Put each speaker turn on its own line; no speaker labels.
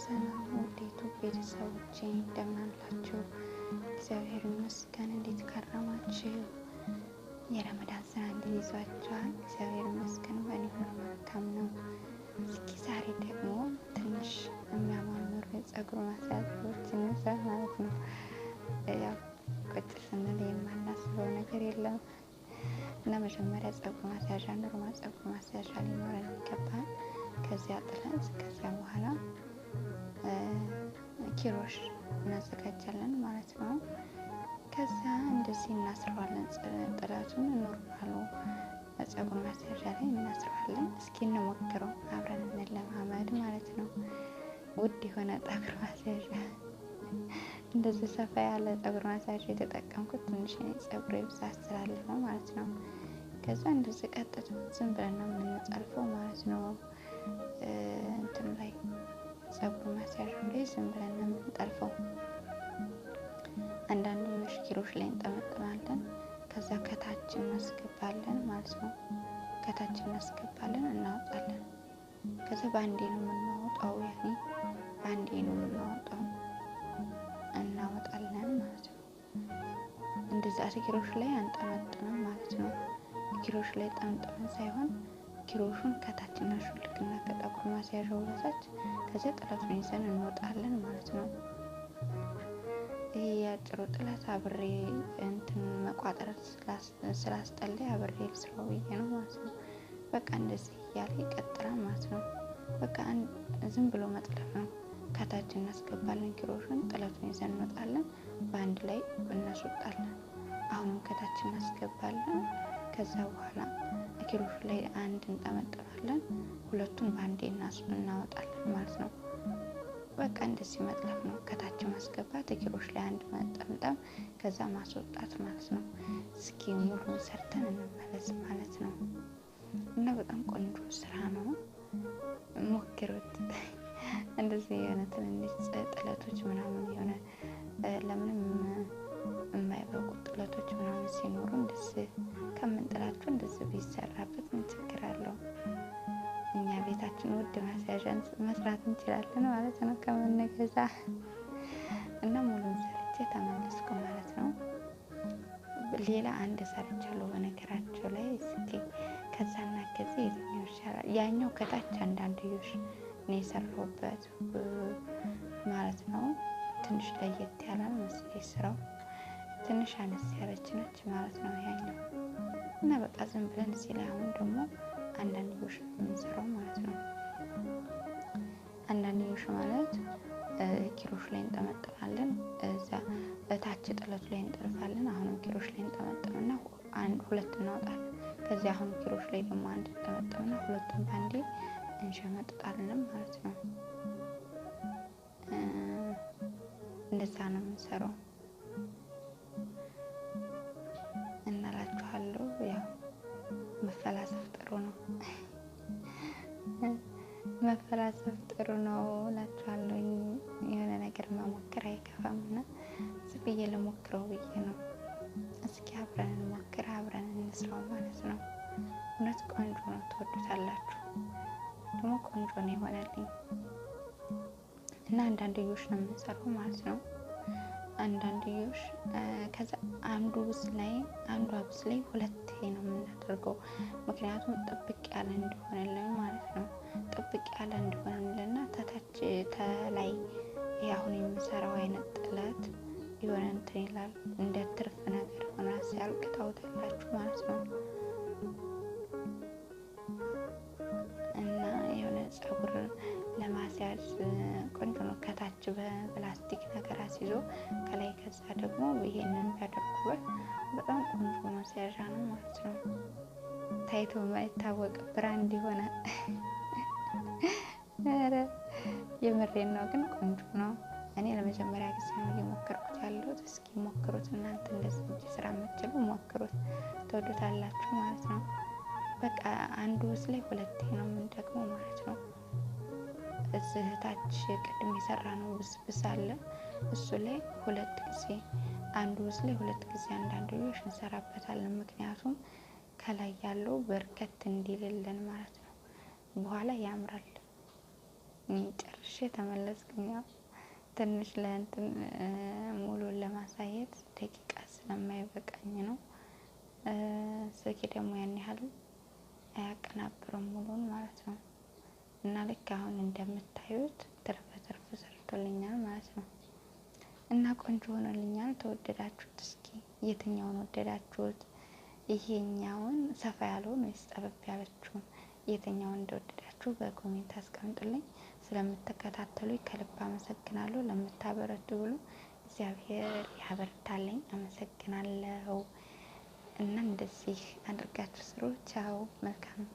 ሰላም ውዴቱ ቤተሰቦቼ እንደምናላችሁ፣ እግዚአብሔር ይመስገን። እንዴት ከረማችሁ? የረመዳን ስራ እንዴት ይዟችኋል? እግዚአብሔር ይመስገን በእኔ ሁሉ መልካም ነው። እስኪ ዛሬ ደግሞ ትንሽ የሚያማምሩ የጸጉር ማስያዣዎች እንስራ ማለት ነው። ያው ቁጭ ስንል የማናስበው ነገር የለም እና መጀመሪያ ጸጉር ማስያዣ ኖርማል ጸጉር ማስያዣ ሊኖረን ይገባል። ከዚያ ጥለን ከዚያ በኋላ ኪሮሽ እናዘጋጃለን ማለት ነው። ከዛ እንደዚህ እናስረዋለን። ጥለቱን ኖርማሉ ፀጉር ማስያዣ ላይ እናስረዋለን። እስኪ እንሞክረው አብረን እንለማመድ ማለት ነው። ውድ የሆነ ፀጉር ማስያዣ እንደዚህ ሰፋ ያለ ጸጉር ማስያዣ የተጠቀምኩት ትንሽ ፀጉሬ ብዛት ስላለ ማለት ነው። ከዛ እንደዚህ ቀጥታ ዝም ብለን ነው ማለት ነው። እንትን ላይ ፀጉር ማስያዣ ላይ ዝም ብለን ነው የምንጠልፈው። አንዳንዱ መሽኪሮች ላይ እንጠመጥማለን። ከዛ ከታች እናስገባለን ማለት ነው። ከታች እናስገባለን፣ እናወጣለን። ከዛ በአንዴ ነው የምናወጣው፣ ያኔ በአንዴ ነው የምናወጣው፣ እናወጣለን ማለት ነው። እንደዛ ኪሮች ላይ አንጠመጥምም ማለት ነው። ኪሮች ላይ ጠምጥመን ሳይሆን ኪሮሹን ከታች እናሹልክና ከጠቁር ማስያዣው በታች ከዚያ ጥለቱን ይዘን እንወጣለን ማለት ነው። ይሄ የአጭሩ ጥለት አብሬ እንትን መቋጠር ስላስጠለ አብሬ ልስራው ብዬ ነው ማለት ነው። በቃ እንደዚህ እያለ ይቀጥራል ማለት ነው። በቃ ዝም ብሎ መጥለፍ ነው። ከታች እናስገባለን ኪሮሹን፣ ጥለቱን ይዘን እንወጣለን፣ በአንድ ላይ እናስወጣለን። አሁንም ከታች እናስገባለን። ከዛ በኋላ ኪሎሹ ላይ አንድ እንጠመጠፋለን። ሁለቱን በአንዴ እናወጣለን ማለት ነው። በቃ እንደዚህ መጥለፍ ነው። ከታች ማስገባት፣ እግሮች ላይ አንድ መጠምጠም፣ ከዛ ማስወጣት ማለት ነው። እስኪ ሙሉን ሰርተን እንመለስ ማለት ነው። እና በጣም ቆንጆ ስራ ነው። ሞክሩት። እንደዚህ የሆነ ትንንሽ ጥለቶች ምናምን የሆነ መስራት እንችላለን ማለት ነው። ከምንገዛ እና ሙሉን ሰርቼ ተመለስኩ ማለት ነው። ሌላ አንድ ሰርቻለሁ በነገራቸው ላይ እስኪ ከዛና ከዚህ የትኛው ይሻላል? ያኛው ከታች አንዳንድ ዮሽ ነው የሰራሁበት ማለት ነው። ትንሽ ለየት ያላል መስሌ ስራው ትንሽ አነስ ያለች ነች ማለት ነው ያኛው እና በቃ ዝም ብለን እዚህ ላይ አሁን ደግሞ አንዳንድ ዮሽ የምንሰራው ማለት ነው። አንዳንዶች ማለት ኪሮሽ ላይ እንጠመጥማለን፣ እዛ እታች ጥለቱ ላይ እንጠልፋለን። አሁንም ኪሮሽ ላይ እንጠመጥምና ሁለት እናወጣለን። ከዚህ አሁን ኪሮሽ ላይ ደግሞ አንድ እንጠመጥምና ሁለቱም በአንዴ እንሸመጥጣለን ማለት ነው። እንደዛ ነው የምንሰራው እናላችኋለሁ። ያው መፈላሰፍ ጥሩ ነው። ማፈላሰፍ ጥሩ ነው እላችኋለሁ። የሆነ ነገር መሞከር አይከፋም እና ዝም ብዬ ልሞክረው ብዬ ነው። እስኪ አብረን እንሞክር፣ አብረን እንስራው ማለት ነው። እውነት ቆንጆ ነው፣ ትወዱታላችሁ። ደግሞ ቆንጆ ነው የሆነልኝ እና አንዳንድ ልጆች ነው የምንሰራው ማለት ነው። አንዳንድዮሽ ከዛ አንዱ ብስ ላይ አንዷ ብስ ላይ ሁለቴ ነው የምናደርገው። ምክንያቱም ጥብቅ ያለ እንዲሆንልን ማለት ነው። ጥብቅ ያለ እንዲሆንልና ተታች ተላይ አሁን የምሰራው አይነት ጥለት የሆነ እንትን ይላል እንደ ትርፍ ነገር ሆነ ሲያልቅ ታውታላችሁ ማለት ነው። እና የሆነ ጸጉር ለማስያዝ ቆንጆ በፕላስቲክ ነገር አስይዞ ከላይ ከዛ ደግሞ ይሄንን ቢያደርጉበት በጣም ቆንጆ ሲያዣ ነው ማለት ነው። ታይቶ የማይታወቅ ብራንድ የሆነ የምሬን ነው፣ ግን ቆንጆ ነው። እኔ ለመጀመሪያ ጊዜ ነው እየሞከርኩት ያለሁት። እስኪ ሞክሩት እናንተ እንደዚህ ስራ የምትችሉ ሞክሩት፣ ተወዱታላችሁ ማለት ነው። በቃ አንዱ ውስጥ ላይ ሁለቴ ነው የምንደግመው ማለት ነው። እዚህ ታች ቅድም የሰራ ነው ብስብስ አለ እሱ ላይ ሁለት ጊዜ አንዱ ውስጥ ላይ ሁለት ጊዜ ልጆች እንሰራበታለን። ምክንያቱም ከላይ ያለው በርከት እንዲልልን ማለት ነው። በኋላ ያምራል። ጨርሼ ተመለስኩኝ። ትንሽ ለእንትን ሙሉን ለማሳየት ደቂቃ ስለማይበቃኝ ነው። ስልኬ ደግሞ ያን ያህል አያቀናብርም ሙሉን ማለት ነው። እና ልክ አሁን እንደምታዩት ትርፍ ትርፍ ሰርቶልኛል ማለት ነው። እና ቆንጆ ሆኖልኛል። ተወደዳችሁት? እስኪ የትኛውን ወደዳችሁት? ይሄኛውን ሰፋ ያለውን ወይስ ጠበብ ያለችውን የትኛውን እንደወደዳችሁ በኮሜንት አስቀምጡልኝ። ስለምትከታተሉ ከልብ አመሰግናለሁ። ለምታበረቱ ብሎ እግዚአብሔር ያበርታልኝ። አመሰግናለሁ። እና እንደዚህ አድርጋችሁ ስሩ። ቻው። መልካም